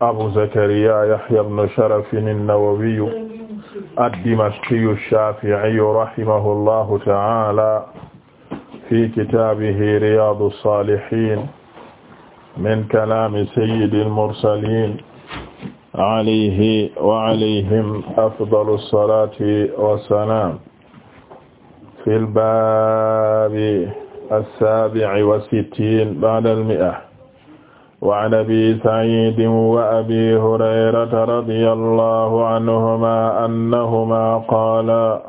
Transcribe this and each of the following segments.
abu zakariya yahya ibn sharafin an-nawawiyu ad-dimashqiyu ash-shafi'iyu rahimahullahu ta'ala fi kitaabihi riyaadu saalihiin min kalaami sayyidil mursaliin alayhi wa alayhim afdalu salaati wa salaam fil baabi as-saabi'i wa sittiin ba'da al-mi'a وعن أبي سعيد وأبي هريرة رضي الله عنهما أنهما قالا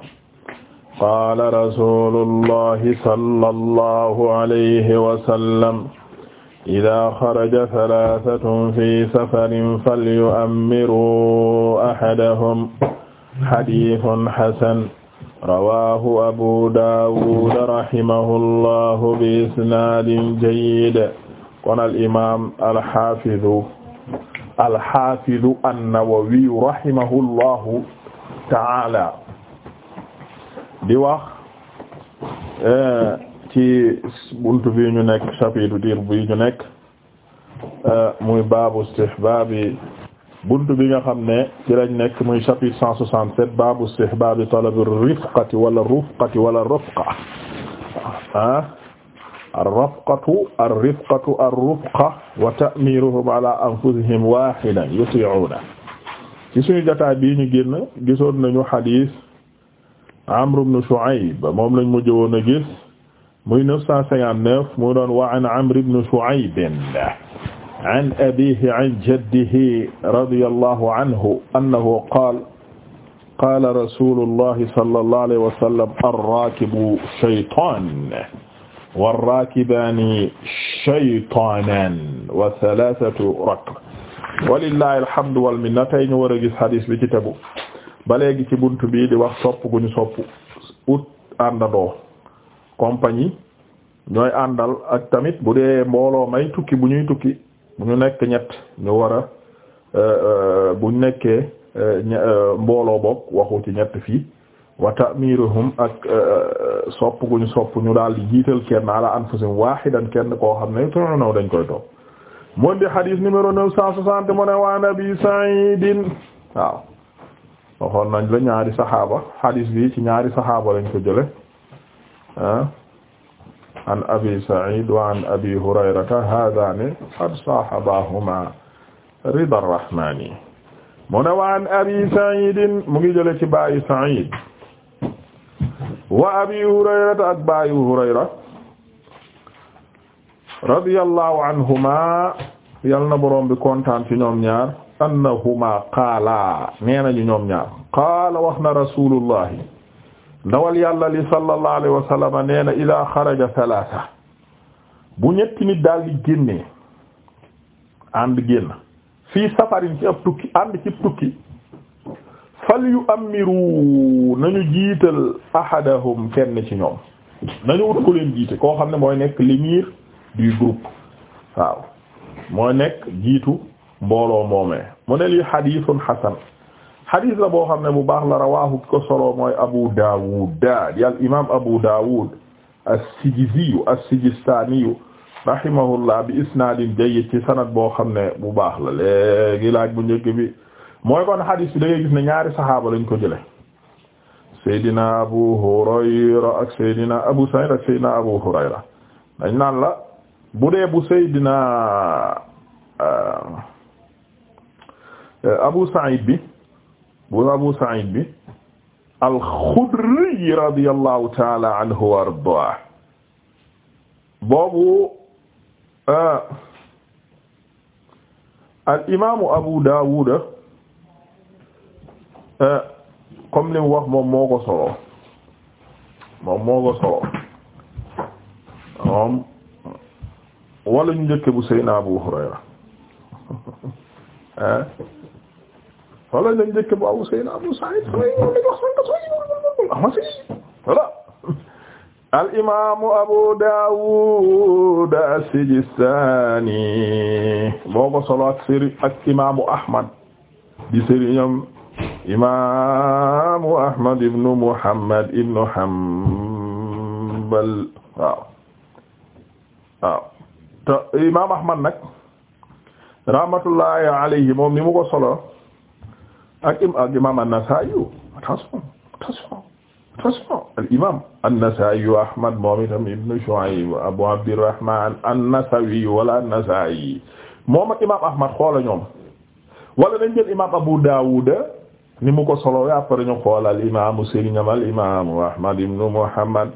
قال رسول الله صلى الله عليه وسلم إذا خرج ثلاثة في سفر فليؤمروا أحدهم حديث حسن رواه أبو داود رحمه الله بإسناد جيد kon al imaam al xaafidu al xaafidu an-Nawawi rahimahullahu ta'ala di wax eh, ci buntu bi ñu nekk chapitre diir bi ñu nekk eh, muy baabu istihbaabi buntu bi nga xam ne ci lañ nekk muy chapitre cent soixante-sept baabu istihbaabi talabi rifqati wala rufqati wala rufqa ah arrafqatu arrifqatu arrufqa wa ta'miruhum ala anfusihim wahidan yuti'una ci suñu jotaay bii ñu génn gisoon nañu xadiis Amr ibn Shu'ayb moom lañ mujj woon a gis muy 959 mu doon wa an Amr ibn Shu'ayb an abiihi an jaddihi radiyallahu anhu annahu qaala qaala rasuulullahi sallallahu alayhi wa sallam arraakibu shaytaan warrakibaani shaytaanan wa salaasatu rakb walillahi alhamdu wal minna tey ñu war a gis hadis bi ci tebu ba léegi ci bunt bi di wax sopp gu ñu sopp ut àndandoo compagnie ñooy àndal ak tamit bu dee mbooloo may tukki bu ñuy tukki bu ñu nekk ñett ñu war a euh, euh, bu ñu nekkee euh, mbooloo bokk waxu ñett fii wa ta'miruhum ak euh, euh, sopp gu ñu sopp ñu daal di jiital kenn ala anfusihim waahidan kenn koo xam ne tuunaw dañ koy topp mu di hadith numéro neuf cent soixante mu ne waa Nabi Sa'idin waaw waxoon nañ la ñaari saxaaba hadith bi ci ñaari saxaaba lañ ko jële ah. an Abi Sa'id wa an Abi haadaani qad saahabahumaa ridaa rahmaani mu ne mu ngi jële ci baayu Sa'id wa abi hurayrata ak baayu hurayra radiyallahu anhuma yal na borom bi kontaan ci ñoom ñaar annahuma qaala nee nañu ñoom ñaar qaala wax na rasulullahi ndawal yàlla li sallallahu alayhi wa sallama nee na ida bu ñetti nit daal di génnee ànd safarin ci ab tukki ànd ci tukki fal yu amiru nañu jiital ahadahum kenn ci ñoom nañu wut ku leen jiite koo xam ne mooy nekk l'émir du groupe waaw mooy nekk jiitu mbooloo moomee mu ne lii xadiisun xasan xadiis la boo xam ne bu baax la rawaahu ko solo mooy abu daawud di al imaam abu daawud as-sijiziyu as-sijistaaniyu rahimahullah bi isnaadin jayyid ci sanad boo xam ne bu baax la léegi laaj bu njëkk bi mooy kon hadis bi da ngay ñaari saxaaba lañ ko jële Seydina Abu Abu Sa'id ak Seydina Abu Hurayra naan la bu dee bu Seydina euh, Abu Sa'id bi Abu Sa'id bi al-Khudri radiyallahu ta'ala anhu wa ardaah boobu euh, Abu Daawuda Euh, comme li wax moom moo solo moom moo solo wala ñu njëkke bu Seyna Abu Hurayra ah wala ñu njëkke bu Abu Seyna Abu Sa'id voilà al imaamu Abu Dawud as-Sijistani moo solo ak sëriñ Ahmad di sëriñam imaamu Ahmad ibn Muhammad ibn Hanbal waaw waaw te imaam Ahmad nag rahmatullahi alayhi moom ni mu ko solo ak ak imaam an-Nasaa'i attention attention attention al imaam an-Nasaa'i Ahmad moom itam ibn Shu'ayb Abu Abdirrahmaan an-Nasawi wala an-Nasaa'i moom ak imaam Ahmad xoola ñoom wala dañ jël imaam Abu Daawuda ni mu ko solo ya pare ñu xool al imaamu sëriñam al imaamu ahmad ibnu muhammad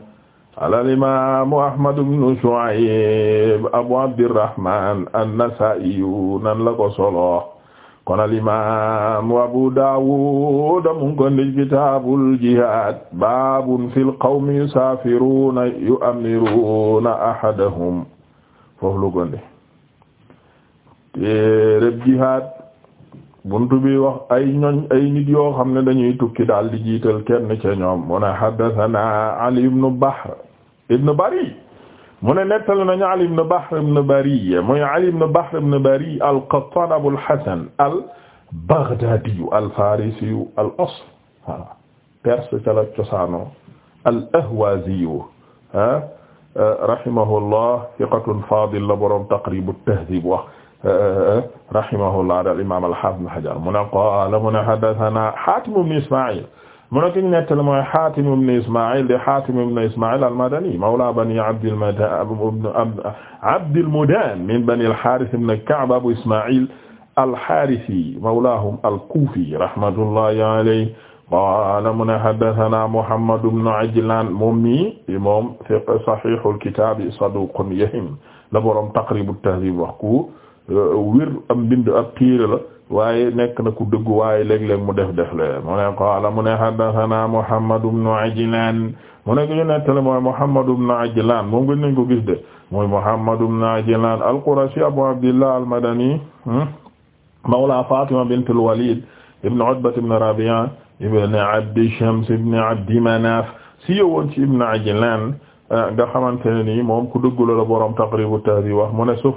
al imaamu ahmad ibnu shu'ayb abu abdirrahman an-nasa'i nan la ko solo kon al imaamu abu daawud mu ko ndi kitaabul jihaad baabun fil qawmi yusaafiruuna yu'ammiruuna ahadahum foofu lu ko ndi téereb jihaad buntu bi wax ay ñoñ ay nit yoo xam ne dañuy tukki daal di jiital kenn ca ñoom mu ne haddathana Ali ibn Bahr ibn Bari mu ne nettali nañu Ali ibn Bahr ibn Bari muy Ali ibn Bahr ibn Bari al Hasan al-Baghdadi al-Farisi al-asl cosaano al-Ahwazi ah, ah rahimahullah thiqatun fadil la borom Taqrib at-Tahdhib wax. rahimahullah daal imaam al-Haafiz Hajar mu ne qaala mu ne haddathanaa Haatim ibn Ismaa'iil mu ne ki ñu nettali mooy Haatim ibn Ismaa'iil di Haatim ibn Ismaa'iil al-Madani mawlaa banii Abdil Mudaan min banii al-Haaris ibn Ka'b Abu Ismaa'iil al-Haarisi mawlaahum al-Kuufi rahmatullahi alayhi qaala mu ne haddathanaa Muhammad ibn Ajlaan moom mi moom sahiihul kitaab saduuqun yahiim la boroom Taqriib at-Tahziib wax ku wér am bind ab téere la waaye nekk na ku dëggu waaye léeg-léeg mu def def le mu ne qaala mu ne haddathana Muhammad ibn Ajlan mu ne ko ñu nettale mooy Muhammad ibn Ajlan moom gën nañ ko gis mooy Muhammad ibn Ajlan al-Qurashi Abu Abdillah al-Madani hmm, mawla Fatima bint al-Walid ibn Utbah ibn Rabi'a ibn Abd Shams ibn Abd Manaf si yowoon ci Ajlan eh, nga xamante ne nii moom ku dëggu la boroom Taqrib at-Tahdhib wax mu ne sauf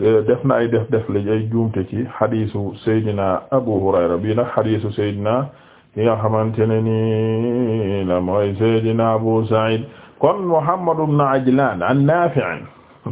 Eh, def na ay def def li ay juumte ci xadisu Seydina Abu Hurayra bi nag xadisu Seydina ki nga xamante ne ni la mooy Seydina Abu Sa'id kon Muhammad ibn Ajlan an Nafi'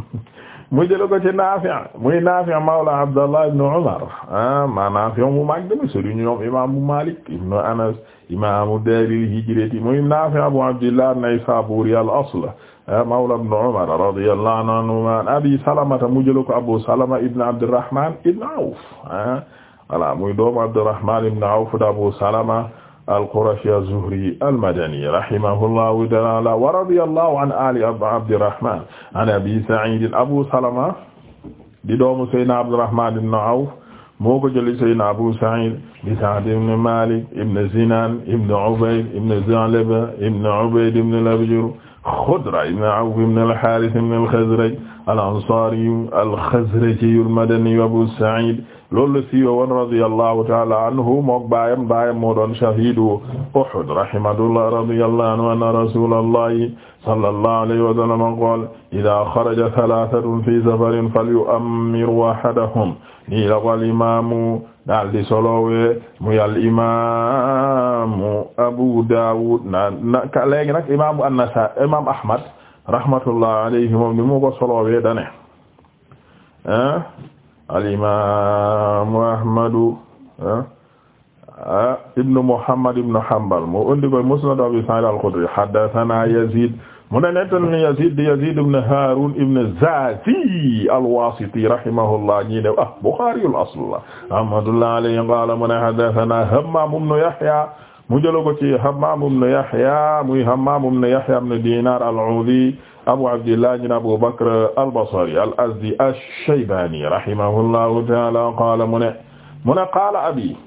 mu jël ko ci Nafi' muy Nafi' mawla Abdallah ibn Umar ah ma Nafi' mu mag demi sëriñ ñoom imaamu Malik ibn Anas imaamu daaril hijrati muy Nafi' Abu Abdillah an-Naysaburi al-asl Eh, mawla ibn Umar radiyallahu anhuma an Abi Salamata mu jël ko Abu Salama ibn Abdurrahman ibn Awf eh. voilà muy doomu Abdurrahman ibn Awf da Abu Salama al-Qurashi az-Zuhri al-Madani rahimahullahu ta'ala wa radiyallahu an ali Abdurrahman an Abi Sa'id Abu Salama di doomu Sayyidina Abdurrahman ibn Awf moo ko jëli Sayyidina Abu Sa'id di Sa'd ibn Malik ibn Zinan ibn Ubayd ibn Zalaba ibn Ubayd ibn al-Abjar Xudra ibn Awf ibn al-Haaris ibn al-Xazraj al-Ansaari al-Xazraji al-Madani Abu Sa'iid loolu la siiwee woon radiyallahu ta'aala anhu moog baayam baayam moo doon shahiidu Uhud rahimahullah radiyallahu anhu anna rasuulallahi sallallahu alayhi wa sallam qaala izaa xaraja salaasatun fii safarin falyu'ammiru ahadahum nii la qaala imaamu daal di solowee muy al Abu Dawud na naka léegi nag imaamu Ahmad rahmatullah alayhi moom ni ah, ah, ah, Muhammad ibnu Hanbal moo indi ko Musnad Abi Sa'id al-Khudri haddathana Yazid mu ne nettan Yazid Yazid ibn Harun ibn Zazi al-Wasiti rahimahullah ñii ne ah Bukhari al-asl la rahmatullah alayhi qala mu ne haddathana Hammam ibn Yahya mu jëlo ko ci Hammam ibn Yahya muy Hammam ibn Yahya ibn Dinar al-Udi Abu Abdillah ibn Abu Bakr al-Basri al-Azdi ash-Shaybani rahimahullahu ta'ala qala mu ne mu ne qala abi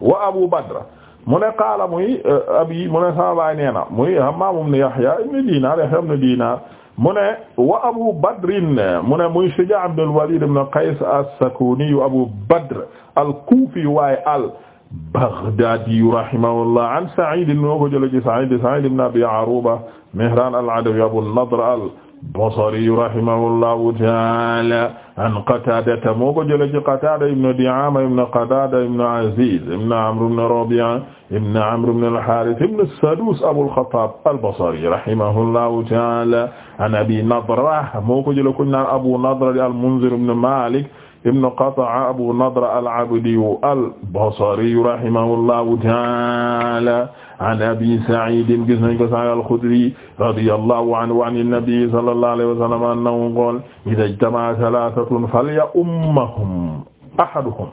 wa Abu Badr mu ne qaala muy euh, abi mu ne sama baay nee na muy Hammaam ibn Yahya ibn Diinaar Yahya ibn Diinaar mu ne wa Abu Badrin mu ne muy Shujaa' Abdul Waliid ibn Qays as-Sakuni Abu Badr al-Kufi waaye al-Baghdaadi rahimahullah an Sa'iid moo ko jëlee ci Sa'iid Sa'iid ibn Abi Aruuba Mihraan al-Adawi Abu an-Nadr al-Basri rahimahullahu ta'aala an Qataadata moo ko jëlee ci Qataada ibn Di'aama ibn Qadaada ibn Aziz ibn Amr ibn Rabi'a ibn Amr ibn al-Haarith ibn Saduus Abul Xattaab al-Basri rahimahullahu ta'aala an Abi Nadra moo ko jëlee ku ñu naan Abu Nadra di al-Munzir ibn Maalik ibn Qata'a Abu Nadra al-Abdi al-Basri rahimahullahu ta'aala an abi saidin gis nañ ko sag alxudri radiyallahu anhu an innabi sallallahu alayhi wa sallam annahu qaala idaa ijtamaa thalathatun falya ummahum ahaduhum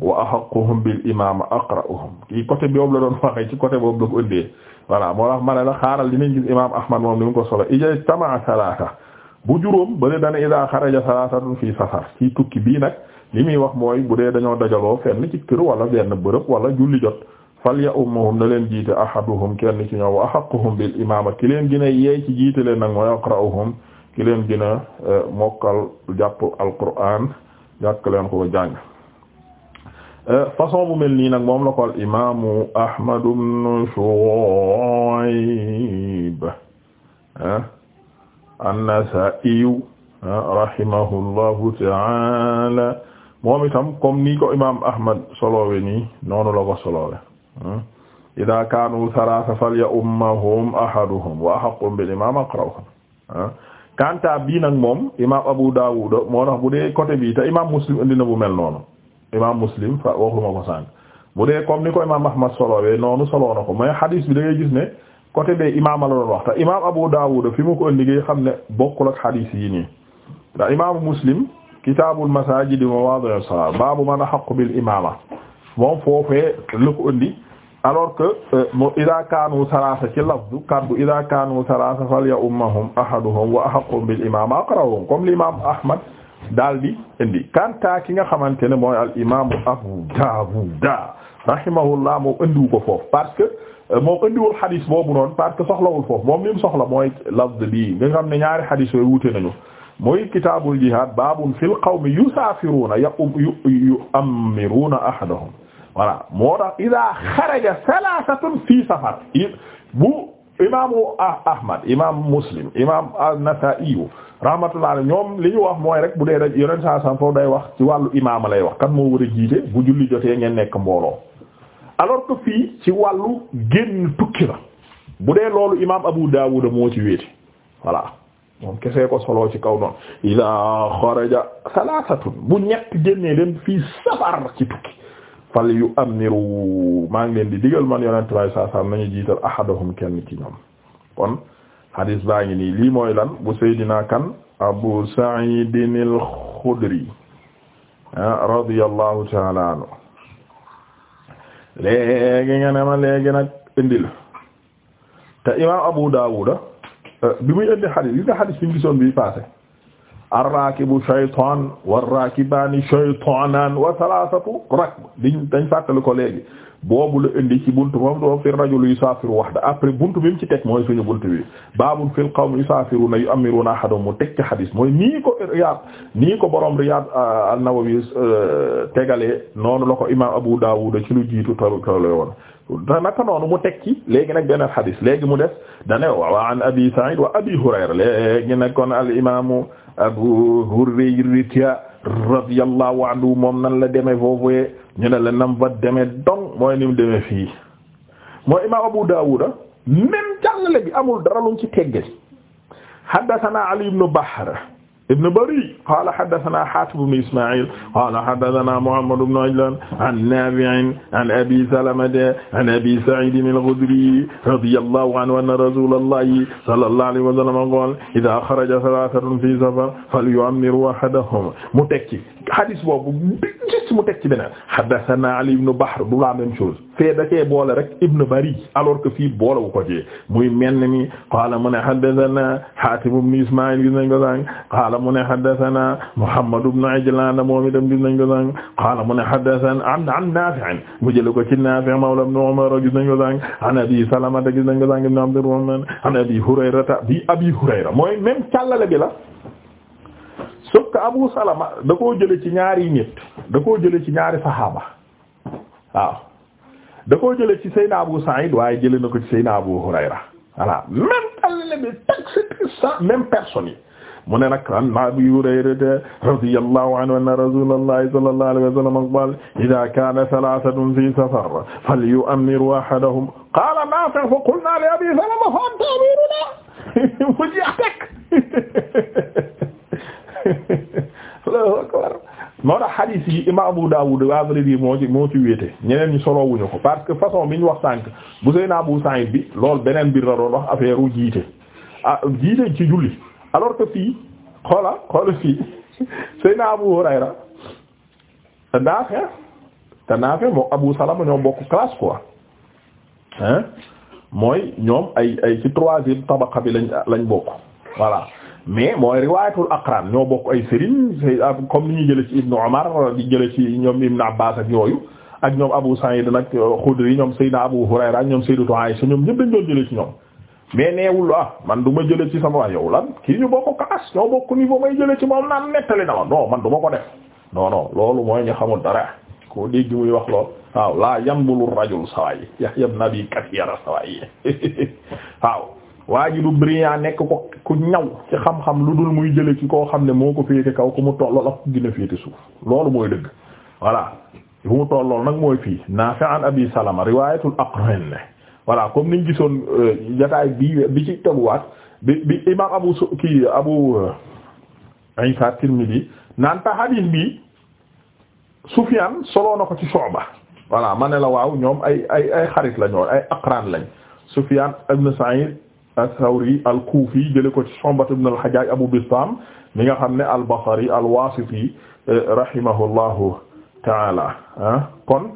wa ahaqquhum bil imaama aqra'uhum kii côté boobu la doon waxee ci côté boobu la ko ëndee voilà moo tax ma ne la xaaral dinañ gis imaam Ahmad moom ni mu ko solo idaa ijtamaa thalatha bu juróom ba ne dana idaa xaraja thalathatun fii safar ci tukki bii nag li muy wax mooy bu dee dañoo dajaloo fenn ci kër wala benn bërëb wala julli jot fal ya ummuhum na leen jiite ahaduhum kenn ci ñoom wa ahaqquhum bil imaama ki leen gën a yeey ci jiite leen nag mooy yaqra'uhum ki leen gën a e, mokkal jàpp alquraan jàkk leen ko jàng e, façon bu mel nii nag moom la ko al imaamu Ahmad ibn Shu'ayb e, an-Nasaa'i rahimahullahu ta'ala moom itam comme ni ko imaam Ahmad solowe noonu la ko ida kaanu thalatha falya ummahum ahaduhum wa ahaqqum bil imam aqra'uhum kanta bi nag moom imam Abu Dawud moo tax bu dee côté bi te imam Muslim indi na bu mel noonu imam Muslim fa waxuma ko sànq bu dee comme ni ko imam Ahmad solowee noonu soloo na ko mais hadis bi da ngay gis ne côté bee imam la doon wax te imam Abu Dawud fi mu ko indi ngay xam ne bokkul ak hadis yi nii ndax Muslim kitaabul masaajidi mawaadi'us salaat baabu man ahaqqu alors que euh, mu ida kaanu salaasa ci lafdu kaddu ida kaanu salaasa fal ya ummahum ahaduhum wa ahaqqum bil imam aqrahum comme l'imam ahmad daal di indi kanta ki nga xamante ne mooy al imamu abu daawuda rahimahullah moom indiwu ko foofu parce que euh, moom indiwul xadis boobu noonu parce que soxlawul foofu moom li mu soxla mooy lafd bii nga xam ne ñaari xadis yooyu wute nañu muy kitaabul jihad babun fil qawmi yusaafiruuna yu yu amiruuna ahadahum voilà moo tax ida xaraja salaasatun fii safar bu imaamu ah Ahmad imam Muslim imam an rahmatullah alayhi ñoom li ñu wax mooy rek bu dee rek yeneen saa sam foofu day wax ci wàllu imaama lay wax kan moo war a jiite bu julli jotee ngeen nekk mbooloo alors que fii ci wàllu génn tukki la bu dee loolu imaam Abu Dawud moo ci wéete voilà moom kesee ko solo ci kaw noonu ida xaraja salaasatun bu ñett génnee dem fii safar ci tukki fal yu amiru maa ngi leen di digal man yonent bay saa saa nañu jiital ahadahum kenn ci ñoom kon hadis baa ngi nii lii mooy lan bu Seydina kan Abu Sa'id al-Khudri ah, radiyallahu ta'ala anhu léegi nga ne ma léegi nag te imaam Abu Dawud eh, bi muy indi hadis li nga hadis bi ñu bi passé arrakibu shaytaan warrakibaani shaytaanaan wa thalathatu rakb diñ dañ fàttali ko léegi boobu la indi ci buntu moom doo fi rajul yusaafiru wahda après buntu bi mu ci teg mooy suñu buntu bi baabun fil qawmi yusaafiruuna yu'ammiruuna ahadahum mu teg ci hadis mooy nii ko Riyaad nii ko borom Riyaad euh, an-Nawawi euh, tegalee noonu la ko imaam Abu Daawud ci lu jiitu talu talu woon naka noonu mu tekki léegi nag beneen xadis léegi mu des dane wa an abi Sa'id wa abi Hurayra léegi nag kon al imaamu Abu Hurayra radiyallahu anhu moom nan la demee foofu ñu ne la nam fa demee donc mooy ni mu demee fii mooy imaam Abu Dawud même jàngale bi amul dara lu mu ci teggal haddathana Ali ibn Bahr ibn Bari qaala haddasanaa Haatib ibn Ismaa'iil qaala haddasanaa Muhammad ibn Ajlaan an Naafi' an Abii Salamata an Abii Sa'iid al-Khudrii radiyallaahu anhu anna rasuulallaahi sallallaahu alayhi wa sallam qaala izaa xaraja salaatatun fii safar falyu'ammiruu ahadahum mu teg ci hadis boobu gis mu teg ci beneen haddasanaa Ali ibn Bahr du la même chose fee da cee boole rek ibn Bari alors que fii boole wu ko ci muy mel ni qaala mu ne haddasanaa Haatib ibn Ismaa'iil qaala mu ne haddathana Muhammad ibn Ajlan moom itam gis nañ ko sànq qaala mu ne haddathana an an Naafi' mu jël ko ci Naafi' mawla ibn Umar gis nañ ko sànq an Abi Salama gis nañ ko sànq ibn Abdurrahman an Abi Hurayrata bi Abi Hurayra mooy même càllale bi la sauf que Abu Salama da koo jële ci ñaari nit da koo jële ci ñaari saxaaba waaw da koo jële ci Seydina Abu Sa'id waaye jële na ko ci Seydina Abu Hurayra voilà même càllale bi tax même personne yi mu ne nag an Abi Hurayrata radiyallahu anhu anna rasulallahi sallallahu alayhi wa sallam qala idha kana thalathatun fi safar falyu'ammiru ahadahum qala Nafi' fa qulna li Abi Salama fa anta amiruna mu jeex rek moo tax hadith yi imam Abu Dawud wa vrai dire moo ci moo ci wéete ñeneen ñi solo wuñu ko parce que façon bi ñu wax sànk bu Seydina Abu Sa'id bi loolu beneen biir la doon wax affaire u jiite ah jiite ci julli alors que fii xoola xoola fii Seyna Abu Hurayra te Naafi te Naafi moo Abu Salama ñoo bokk classe quoi hein mooy ñoom ay ay ci troisième tabaqa bi lañ lañ bokk voilà mais mooy riwaayatul aqran ñoo bokk ay sëriñ ah, comme ni ñuy jële ci Ibnu Umar di jële ci ñoom Ibnu Abbaas ak yooyu ak ñoom Abu Saïd nag euh, Xudri ñoom Seyna Abu Hurayra ñoom Sayyidatu Aïsha ñoom ñëpp dañ doon jële ci ñoom mais neewul ah man du ma jële ci sama yow lan kii ñu bokk kaas ñoo bokk niveau may jële ci moom naan nettali na ma non man du ko def non loolu mooy ñu xamul dara koo dégg muy wax lool waaw laa yanbulu rajul sawaay Yahya ibn Abi Kathira sawaay waaw waa ji du brillant nekk ko ku ñaw ci xam-xam lu dul muy jële ci koo xam ne moo ko féete kaw ku mu tollool ak gën a féete suuf loolu mooy dëgg voilà bu mu tollool nag mooy fii Nafi' an Abi Salama riwayatul voilà comme niñ gisoon euh, jataay bi bi ci teguwaat bi bi imam abu su kii abu euh, Isa Tirmidi naan ta bi Sufyan soloo ko ci Shu'ba voilà mane la waaw ñoom ay ay ay xarit lañoo ay aqran lañ Sufyan ibn Sa'id as-Sawri al-Kufi jële ko ci Shu'ba ibn al-Hajjaj Abu Bistam mi nga xam ne al-Basri al-Wasiti euh, rahimahullahu ta'ala ah, kon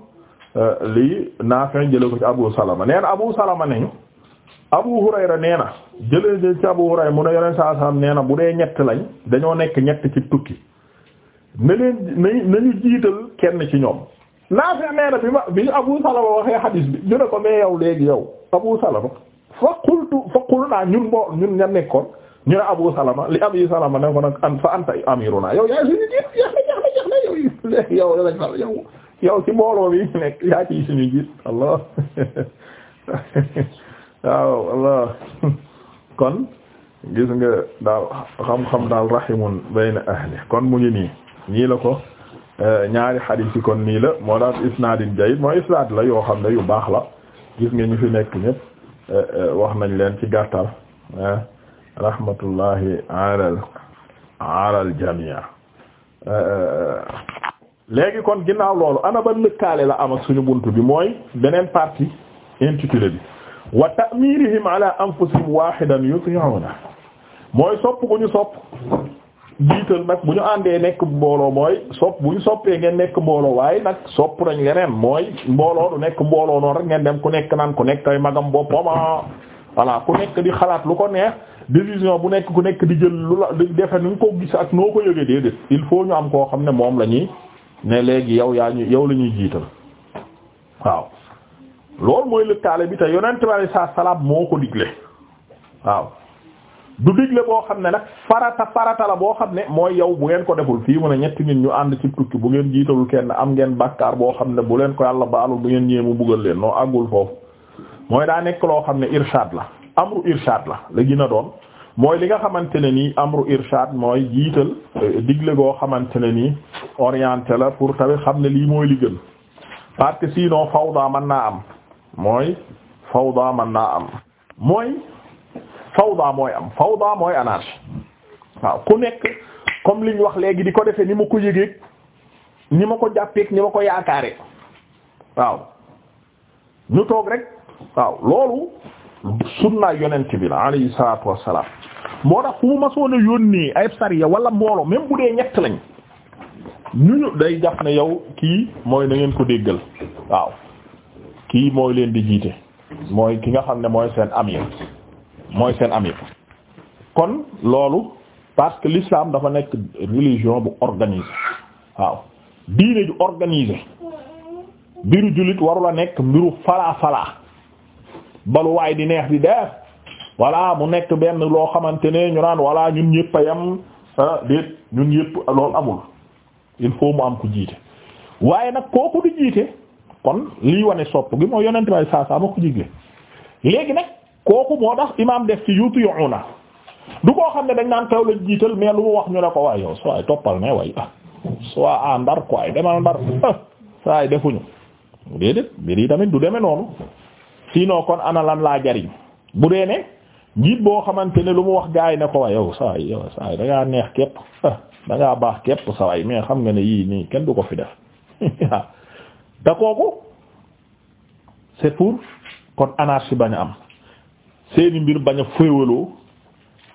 Euh, lii Naafi' jëlee ko ci Abu Salama nee na Abu Salama nañu Abu Hurayra nee na jëlee ci Abu Hurayra mu ne yoneen saa salaam bu dee ñett lañ dañoo nekk ñett ci tukki na leen nañu jiital kenn ci ñoom Naafi' nee bi ma bi Abu Salama waxee xadiis bi ñu ne ko mais yow léegi yow Abu Salama fa qultu fa qulnaa ñun boo ñun ña nekkoon ñu ne Abu Salama li Abi Salama ne ko nag an fa anta amiruna yow yaay suñu jiit yow ci mbooloo bi nekk yaa ci suñu gis allah waaw allah kon gis nga daal xam-xam daal rahimun bayna ahli kon mu ngi nii nii la ko eh, ñaari xadiis yi kon nii la moo daal isnaadin jayyid mooy isnaad la yoo xam ne yu baax la gis nga ñu fi nekk ñëpp eh, eh, wax nañ leen ci gàttal rahmatullahi alal alal jamii léegi kon ginnaaw loolu ana ban lëkkaale la am ak suñu bunt bi mooy beneen partie intitulé bi wa ta'mirihim ala anfusihim wahidan yuti'una mooy sopp ku ñu sopp jiital nag bu ñu àndee nekk mbooloo mooy sopp bu ñu soppee ngeen nekk mbooloo waaye nag sopp nañ leneen mooy mbooloo du nekk mbooloo noonu rek ngeen dem ku nekk naan ku nekk magam magam boppama ah. voilà ku nekk di xalaat lu ko neex décision bu nekk ku nekk di jël lu la di defe nu nga ko gis ak noo ko il faut ñu am koo xam ne moom la ñuy ne léegi yow yaa ñu yow lañuy jiital waaw loolu mooy lëkkaale bi te yonent bi alay salaam moo ko digle waaw du digle boo xam ne nag farata farata la boo xam ne mooy yow bu ngeen ko deful fii mu ne ñetti nit ñu ànd ci tukki bu ngeen jiitalul kenn am ngeen bàkkaar boo xam ne bu leen ko yàlla baalul bu ngeen ñëwee mu buggal leen noo àggul foofu mooy daa nekk loo xam ne irshad la amu irshad la la gin a doon mooy li nga xamante ne nii amru irshad mooy jiital euh, digle goo xamante ne nii orienté la pour tamit xam ne lii mooy li gën parce que sinon fawda mën naa am mooy fawda mën naa am mooy fawda mooy am fawda mooy anarchie waaw ku nekk comme liñ wax léegi di ko defee ni ma ko yëgeeg ni ma ko jàppeeg ni ma ko yaakaare waaw ñu toog rek waaw loolu sunna yonent bi la alayhi salaatu wassalaam moo tax fu mu masoon yónnee ay sariya wala mbooloo même bu dee ñett lañ ñu ñu day jàpp ne yow kii mooy na ngeen ko déggal waaw kii mooy leen di jiite mooy ki nga xam ne mooy seen amir mooy seen amir kon loolu parce que l'islam dafa nekk religion bu organisée waaw diine ju organisée mbiru jullit warula nekk mbiru falaa falaa balu waay di neex di def voilà mu nekk benn loo xamante ne ñu naan voilà ñun ñëpp a yem ah, déet ñun ñëpp loolu amul il faut mu am ku jiite waaye nag kooku di jiite kon lii wane sopp gi moo yonent bay saa saa ma ko jigle léegi nag kooku moo tax imaam def ci yuutu yoxu na du koo xam ne dañ naan kaw lañ jiital mais lu mu wax ñu ne ko waay yow soo toppal ne way ah, soo a ah, ndar quoi demal ndar ah saa defuñu déedéet mbir yi tamit du demee noonu sinon kon ana laa jariñ bu dee njiit boo xamante ne lu mu wax yi ne ko wa yow saa yi yow saa neex képp da ngaa baax képp saa yi mais xam nga ne yii nii kenn du ko fi def waaw te kooku c'est pour kon anarchie bañ a am seeni mbir bañ a féewaloo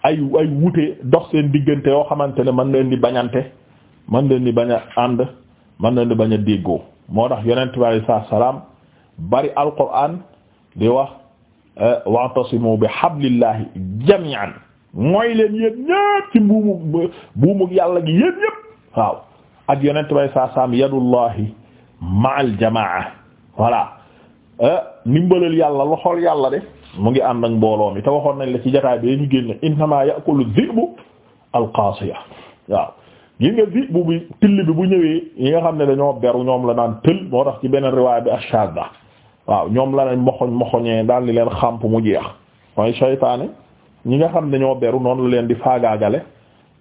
ay ay wute dox seen diggante yoo xamante ne mën leen di bañante mën leen di bañ ànd mën na di bañ a déggoo moo tax yonent bi sa salaam bari alquran di wax. Euh, wa'tasimu bi hablillahi jami'an mooy leen yéen ñépp ci buumug yàlla gi yéen ñépp waaw ak yonent bay saa saam yadullahi ma'al jamaa voilà euh, ndimbalal yàlla loxol yàlla de mu ngi ànd ak mbooloo mi te waxoon nañ la ci jotaay bi ñu génn innama ya'kulu dhi'bu al-qaasiya waaw gi bi till bi bu ñëwee yi nga xam ne dañoo beru ñoom la naan tël moo tax ci beneen riwaaya bi ash-shadda waaw ñoom la nañ moxoñ moxoñee daal di leen xàmp mu jeex mooy saytaane ñi nga xam ne ñoo beru noonu la leen di faagaagale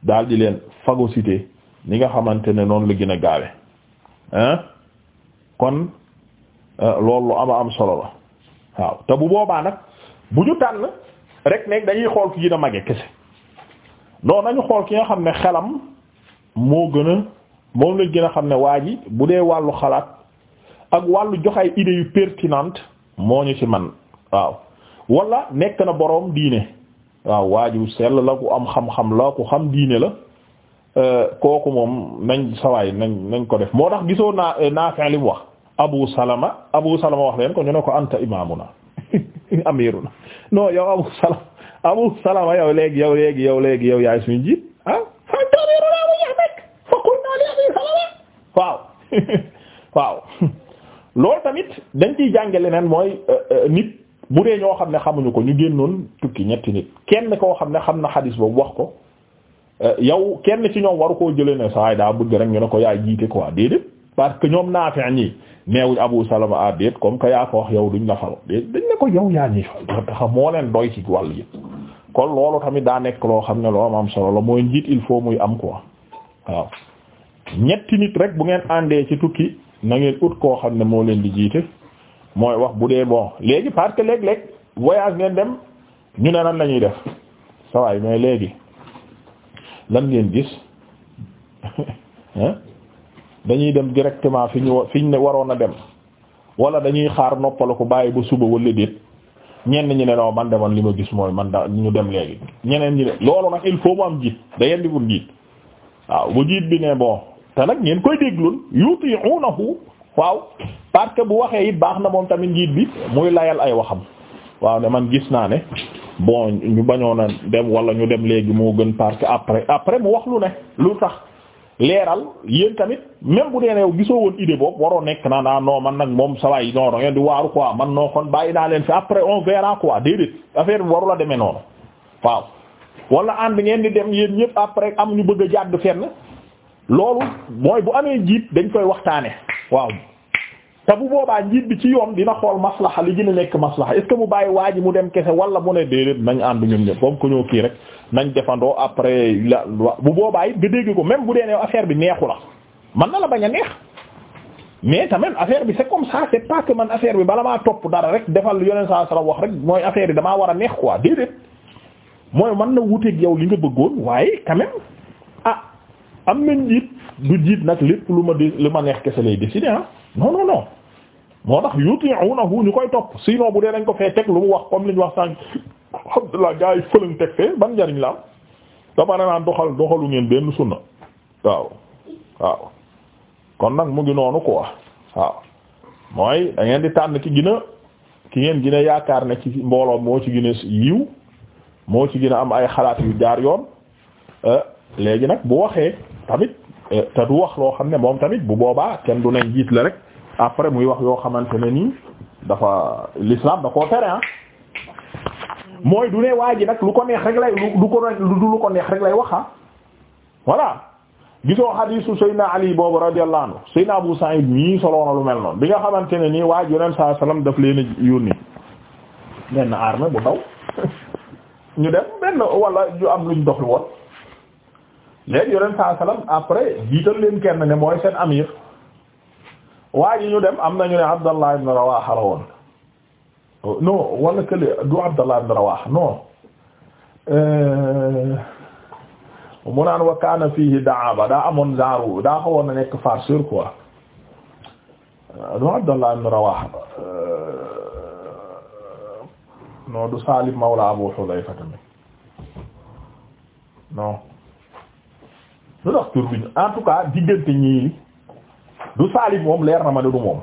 daal di leen phagocyté ñi nga xamante ne noonu la gën a gaawe hein kon euh, loolu lu ama am solo la waaw te bu boobaa nag bu ñu tànn rek nekk dañuy xool ki a mage kese non nañu xool ki nga xam ne xelam moo gën a moom la gën a xam ne waa ji bu dee wàllu xalaat ak wàllu joxaay idées yu pertinente moo ñu ci man waaw wala nekk na boroom diine waaw waaju sell la ku am xam-xam la ku xam diine la euh, kooku moom nañ sawaay nañ ko def moo tax gisoo naa euh, Naafi' li mu wax Abu Salama Abu Salama wax leen ko ñu ne ko anta imaamuna amiruna non yow Abu Salama Abu Salama yow léegi yow léegi yow léegi yow yaay suñu jiit ah anta amiruna mu jeex nag fa qulna li Abi Salama waaw waaw loolu tamit dañ ciy jànge leneen mooy euh, euh, nit bu dee ñoo xam ne xamuñu ko ñu génnoon tukki ñetti nit kenn koo xam ne xam na xadis boobu wax ko euh, yow kenn ci ñoom waru koo jëlee ne saay daa bëgg rek ñu ne ko yaay jiite quoi déedéet que ñoom naafee ñi neewuñ Abu Salama ah, comme que yaa ko wax yow duñ la fal déet dañ ne ko yow yaa ñuy fal taxa moo leen doy ci wàll yi kon loolu tamit daa nekk loo xam ne loo am am solo la mooy njiit il faut muy am ko waaw ñetti nit rek bu ngeen àndee ci tukki. na ngeen ut koo xam ne moo leen di jiite mooy wax bu dee bon léegi parce que léeg-léeg voyage ngeen dem ñu ne nan lañuy def sa waay mais léegi lan ngeen gis dañuy dem directement fi ñu fi ñu ne waroon a dem wala dañuy xaar noppal ko bàyyi ba suba wala déet ñenn ne non man de li ma gis mooy man da ñu dem léegi ñeneen ñi ne loolu nag il faut mu am jiit da ngeen jiit waaw bu jiit bi ne bon. te nag ngeen koy déglul yuti'unahu waaw parce bu waxee it baax na moom tamit njiit bi muy layal ay waxam waaw ne man gis naa ne bon ñu bañoon a dem wala ñu dem léegi moo gën parce que après après mu wax lu ne lu tax leeral yéen tamit même bu dee ne yow gisoo woon idée boobu waroo nekk naa naa ah non man nag moom saa waay non da ngeen di waaru quoi man noo kon bàyyi naa leen fi après on verra quoi déedéet affaire bi warula demee noonu waaw. wala ànd ngeen di dem yéen ñëpp après am ñu bëgg a jàdd fenn loolu mooy bu amee njiit dañ koy waxtaane waaw te bu boobaa njiit bi ci yoon dina xool maslaha li gën a nekk maslaha est ce que mu bàyyi waa ji mu dem kese wala mu ne déedéet nañ àndu ñun ñëpp comme que ñoo kii rek nañ defandoo après la bu boobaa it nga dégg ko même bu dee ne affaire bi neexu la man na la bañ a neex mais tamit affaire bi c'est comme ça c'est pas man affaire bi bala maa topp dara rek defal yoneen saa la wax rek mooy affaire bi damaa war a neex quoi déedéet mooy man na wuteeg yow li nga bëggoon waaye quand am na njiit du jiit nag lépp lu ma di lu ma neex kese lay décider ah non non non moo tax yuti'unahu ñu koy topp sinon bu dee dañ ko fee teg lu mu wax comme li ñu wax sànq alhamdulilah gars yi fële teg fee ban njariñ la am dama naan doxal doxalu ngeen benn sunna waaw waaw kon nag mu ngi noonu quoi waaw mooy da di tànn ki gën ki ngeen gën yaakaar ne ci mbooloo moo ci gën a yiw moo ci gën a am ay xalaat yu jaar yoon eh, léegi nag bu waxee. tamit euh, te du wax loo xam ne moom tamit bu boobaa kenn du ne njiit la rek après muy wax yoo xamante ne nii dafa l'islam da koo tere ah mooy du ne waa ji nag lu ko neex rek lay lu ko du lu ko neex rek lay wax ah voilà gisoo xadiisu Seydina Ali boobu radiyallahu anhu Seydina Abu Sa'id mii soloona lu mel noonu bi nga xamante ne nii waa ji Yonent sallallahu alayhi wasallam daf leen a yónni benn armée bu ndaw ñu dem benn wala ñu am luñ dox lu woon léegi yonent saa salaam après jiital leen kenn ne mooy seen amir waa ji ñu dem am nañu ne Abdallah ibn Rawaha la woon non wala kële du Abdallah ibn Rawaha non euh, mu naan wa kaana daa amoon genre daa xawoon na nekk farceur quoi euh, du Abdallah ibn Rawaha euh, non du Salim mawla Abu Hudayfa tamit non. sax tur bi en tout cas diggante ñii du Salim moom leer na ma ne du moom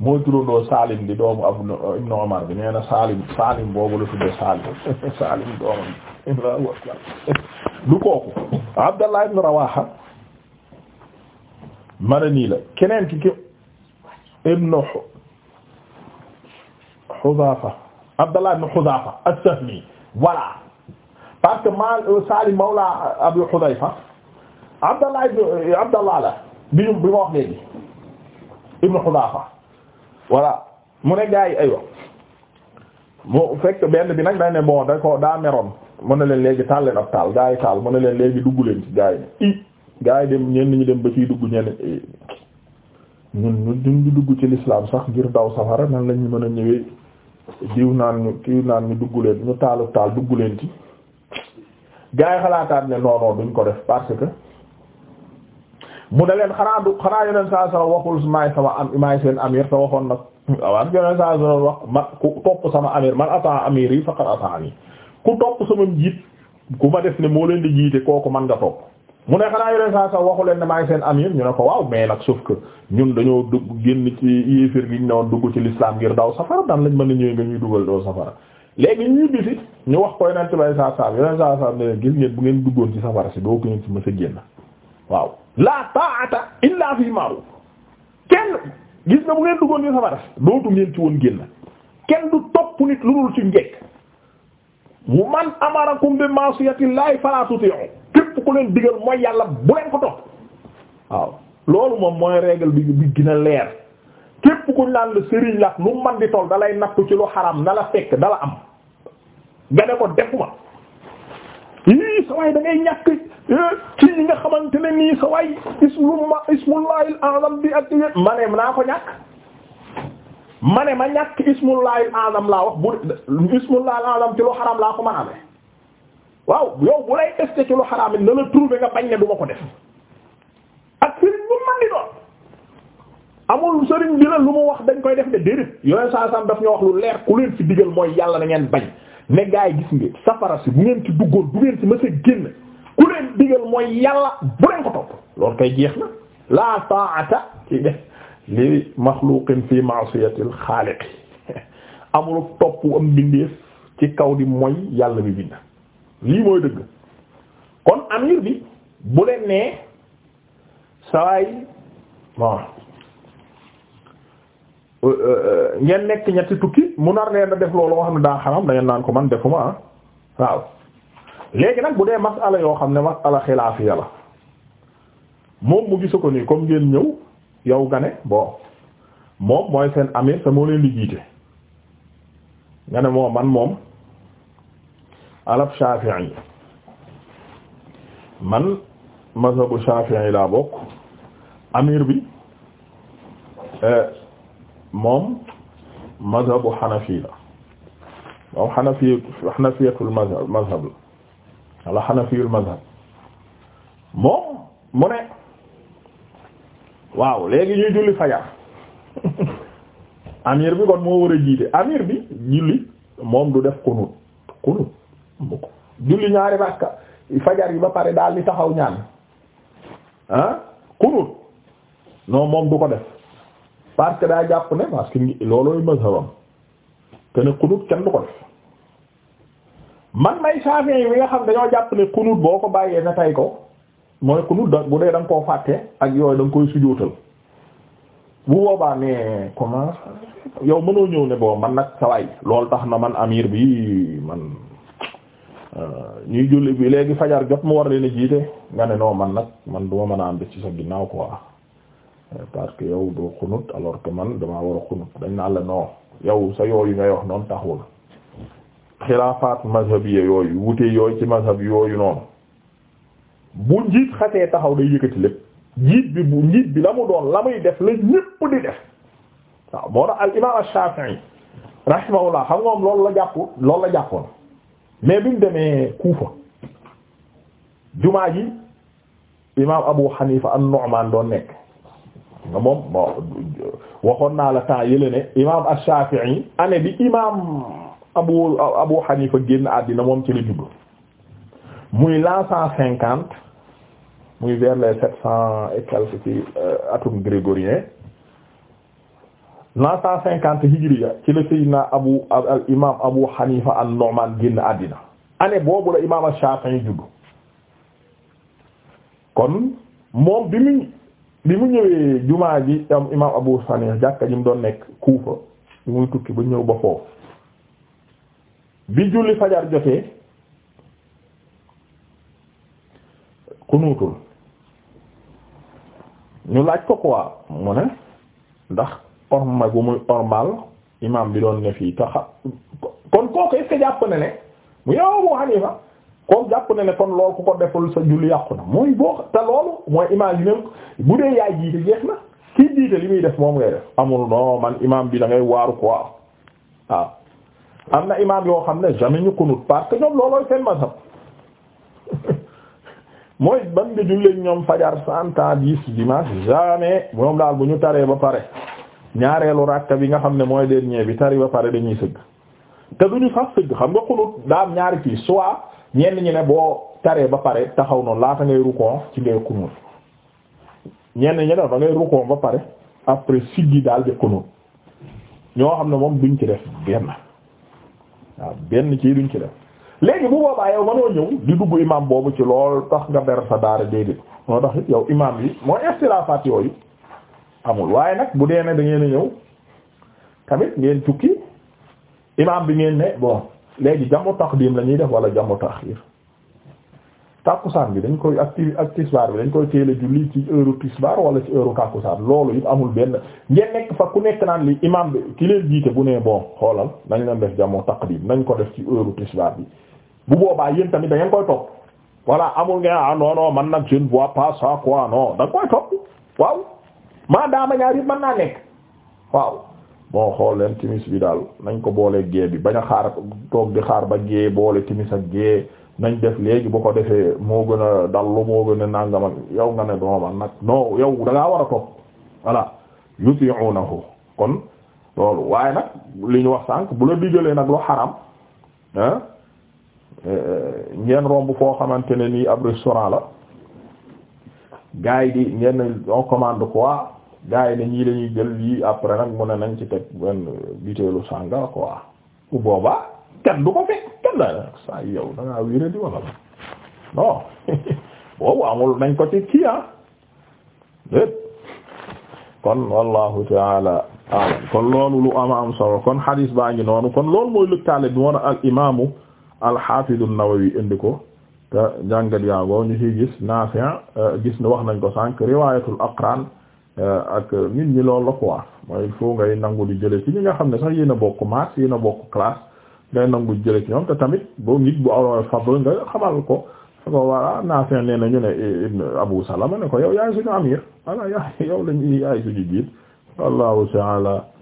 mooy turandoo Salim di doomu Abu Ibn Umar bi nee na Salim Salim boobu la tudde Salim Salim doomam Allahu akbar du kooku Abdallah ibn Rawaha madani la keneen ki ki ibn Hudafa Abdallah ibn Hudafa as-Sahmi voilà parce que ma euh, Salim Abu Hudayfa Abdallah ibn eh, Abdallah la bi ñu bi ma wax léegi ibn Hudafa voilà mu ne gaa yi aywa mu fekk benn bi nag dañ ne bon da ko daa meroon mën ne leen léegi taal leen ab taal gaa yi taal mu ne leen léegi dugg leen ci gaa yi ne i dem ñenn ñi dem ba ciy dugg ñenn ñun ñun ñu dugg ci lislaam sax ngir daw safara nan la ñu mën a ñëwee diw naan ñu kiw naan ñu dugg leen ñu taalu taal dugg leen ci gaa yi xalaataat ne non non duñ ko def parce que mu ne leen xanaa du xanaa yeneen saa sara waxul maay sama am maay seen amir te waxoon nag waaw yeneen saa sara wax ma ku topp sama amir man ata amir yi faqat ataani ku topp sama njiit ku ma def ne moo leen di jiite kooku man nga topp mu ne xanaa yeneen saa sara waxu leen ne maay seen amir ñu ne ko waaw mais nag sauf que ñun dañoo dugg génn ci yéefir gi ñu ne woon dugg ci l'islam ngir daw safara daan lañ mën a ñëwee nga ñuy dugal doo safara léegi ñu bisi ñu wax ko yeneen saa sara yeneen saa sara ne leen gis ngeen bu ngeen duggoon ci safara si doo ko ci mës a waaw la ta'ata illa fi ma'ruf kenn gis na bu ngeen duggoon ñu safara dootu ngeen woon génn kenn du topp nit lu dul ci njekk mu man amarakum bi ma'siyatillahi fala képp ku leen digal mooy yàlla bu leen ko topp waaw loolu moom mooy règle bi bi leer képp ku naan la sëriñ la lu man di toll dalay nattu ci lu xaram na fekk dala am nga ne ko defuma yii sa waaye da ñàkk ma naa ko ñàkk ma ne ma ñàkk ismullahil azam laa wax bu ismullahil azam ci lu xaram laa ko mën waaw yow bu lay testé ci lu xaram na la trouvé nga bañ ne du ko def ak sëriñ bu man di doon amul sëriñ bi la lu mu wax dañ koy def de déedéet yoneen saa sam daf ñoo wax lu leer ku leen ci digal mooy yàlla na ngeen bañ ne gaay gis ngi safara si bu ngeen ci duggoon bu ngeen ci mësa génn ku leen digal mooy yàlla bu leen ko topp loolu koy jeex na laa lii maxluqin fi ma'siyatil xaaliq amul topp am bindeef ci kaw di mooy yàlla bi bind lii mooy dëgg kon amir bi bu leen nee sawaay euh, euh, ngeen nekk ñetti tukki mu nar leen def loolu nga xam ne daa xaram da naan ko man defuma ah waaw léegi nag bu dee masala yoo xam ne masala xilaafiya la moom mu gisu ko nii comme ngeen ñëw yow nga ne bon moom mooy seen amir te moo leen di jiite nga man moom alab Shafi'i man mazhabu Shafi'i laa bokk amir bi eh, moom mazhabu Hanafi la moom Hanafi Hanafiyatul mazhab mazhab la wala Hanafiyul mazhab moom mu ne waaw léegi ñuy julli fajar amir bi kon moo war a jiite amir bi julli moom du def kunut kunut julli ñaari rakka fajar yi ba pare daal di taxaw ñaan ah kunut non moom du ko def parce que daa jàpp ne parce que loolooy mazhabam te ne kunut kenn du ko def man may Shafi'i yi nga xam dañoo jàpp ne kunut boo ko bàyyee na tay ko mooy kunut da bu dee da koo fàtte ak yooyu danga nga koy sujjóotal bu boobaa ne comment yow mënoo ñëw ne boo man nag waay loolu tax na man amir bi man euh, ñuy julli bi léegi fajar jot mu war leen a jiite nga ne non man nag man duma mën a ànd ci sa ginnaaw quoi euh, parce que yow doo xunut alors que man damaa war a xunut dañ naan la non yow sa yooyu ngay wax noonu taxul xilaafaat mazhab yooyu wute yooyu ci mazhab yooyu noonu bu njiit xasee taxaw day yëkkati lépp njiit bi bu njiit bi la mu doon la muy def la ñépp di def waaw moo tax al imaam ash-Shafi'i rahimahullah xam nga moom loolu la jàpp loolu la jàppoon mais bi mu demee Kufa jumaa ji imaam Abu Hanifa an-Nu'man doon nekk nga moom waxoon naa la temps yële ne imaam ash-Shafi'i année bi imaam Abu Abu Hanifa génn àddina moom ci la jublu. muy l'an cent cinquante muy vers les sept cent et euh, grégorien l'an cent cinquante hijriya ci la sayyidina abu al imam abu hanifa an-nu'man génn àddina année boobu la imam ash-shafi'i juddu kon moom bi mu bi mu ñëwee jumaa ji am imam abu hanifa jàkka ji mu doon nekk kuufa muy tukki ba ñëw ba foofu bi julli fajar jotee xunuutul ñu laaj ko quoi mu ne ndax orma gu muy ormal imam bi doon ne fii taxa kon kooku est-ce que jàpp na ne mu yow Abu Hanifa kon jàpp na ne kon loolu ku ko deful sa julli yàqu na mooy boo te loolu mooy imagine bu dee yaay jiite jeex na kii jiite li muy def moom ngay def amul non man imam bi da waaru quoi waaw am na imam yoo xam ne jamais ñu kunut parce ñoom loolooy seen mazhab mooy ban nga julleeg ñoom fajar cent ans dix dimanche jamais moom daal bu ñu taree ba pare ñaareelu rakka bi nga xam ne mooy dernier bi tari ba pare dañuy sëgg te du ñu sax sëgg xam nga xunut daam ñaari kii soit ñenn ñi ne boo taree ba pare taxaw noonu laata ngay rukkoon ci ngay xunut ñenn ñi ne ngay rukkoon ba pare après siggi daal di xunut ñoo xam ne moom duñ ci def benn waaw benn ci duñ ci def léegi bu boobaa yow mënoo ñëw di dugg imam boobu ci lool tax nga ber sa daara déedéet moo tax yow imam yi mooy istilafaat yooyu amul waaye nag bu dee ne da ngeen a ñëw tamit ngeen tukki imam bi ngeen ne bon léegi jamu taqdim la ñuy def wala jamu taxir tàkkusaan bi dañ koy ak ci ak bi dañ koy teel a julli ci heure tisbaar wala ci heure tàkkusaan loolu it amul benn ngeen nekk fa ku nekk naan li imam bi ki leen jiite bu nee bon xoolal nañ leen def jamoo taqdim nañ ko def ci heure tisbaar bi bu boobaa yéen tamit da ngeen koy topp voilà amul nga ah man nag je ne vois pas ça quoi non da nga koy topp waaw maa daama ñaar yëpp mën naa nekk waaw bon xool leen timis bi daal nañ ko boolee gée bi bañ a xaar toog di xaar ba gée boole timis ak gée nañ def léegi boo ko defee moo gën a dallu moo gën a nangam ak yow nga ne dooman nag noo yow da ngaa war a topp voilà yuti'unahu kon loolu waaye nag li ñu wax sànq bu la diggalee nag lu xaram ah ngeen romb foo xamante ne nii ab restaurant la gars yi di ngeen on commande quoi gars yi ne ñii la jël lii après nag mu ne nañ ci teg benn butéelu sàngara quoi bu kenn du ko fekk kenn daal saa yow da ngaa wéeré di wala amul nañ ko ci kii ah déet kon wallahu taala kon loolu lu ama am solo kon hadis baa ngi noonu kon lool mooy lëkkaale bi moo al imaamu alxafidu nawawi indi ko te njàngat yaa ngoo ñu ciy gis Naafi' gis ne wax nañ ko sànq riwayatul aqran eh, ak nit ñi loolu la quoi mooy il faut ngay nangu jële ci ñi nga xam ne sax yéen a bokk maas yéen a bokk classe ngay nangu jële ci ñoom te tamit boo nit bu aw fadl nga xamal ko su ko wara naafin nee na ñu ne ibn Abu ne ko yow yaay suñu amir walla yaay yow lañuy yaay suñu jiit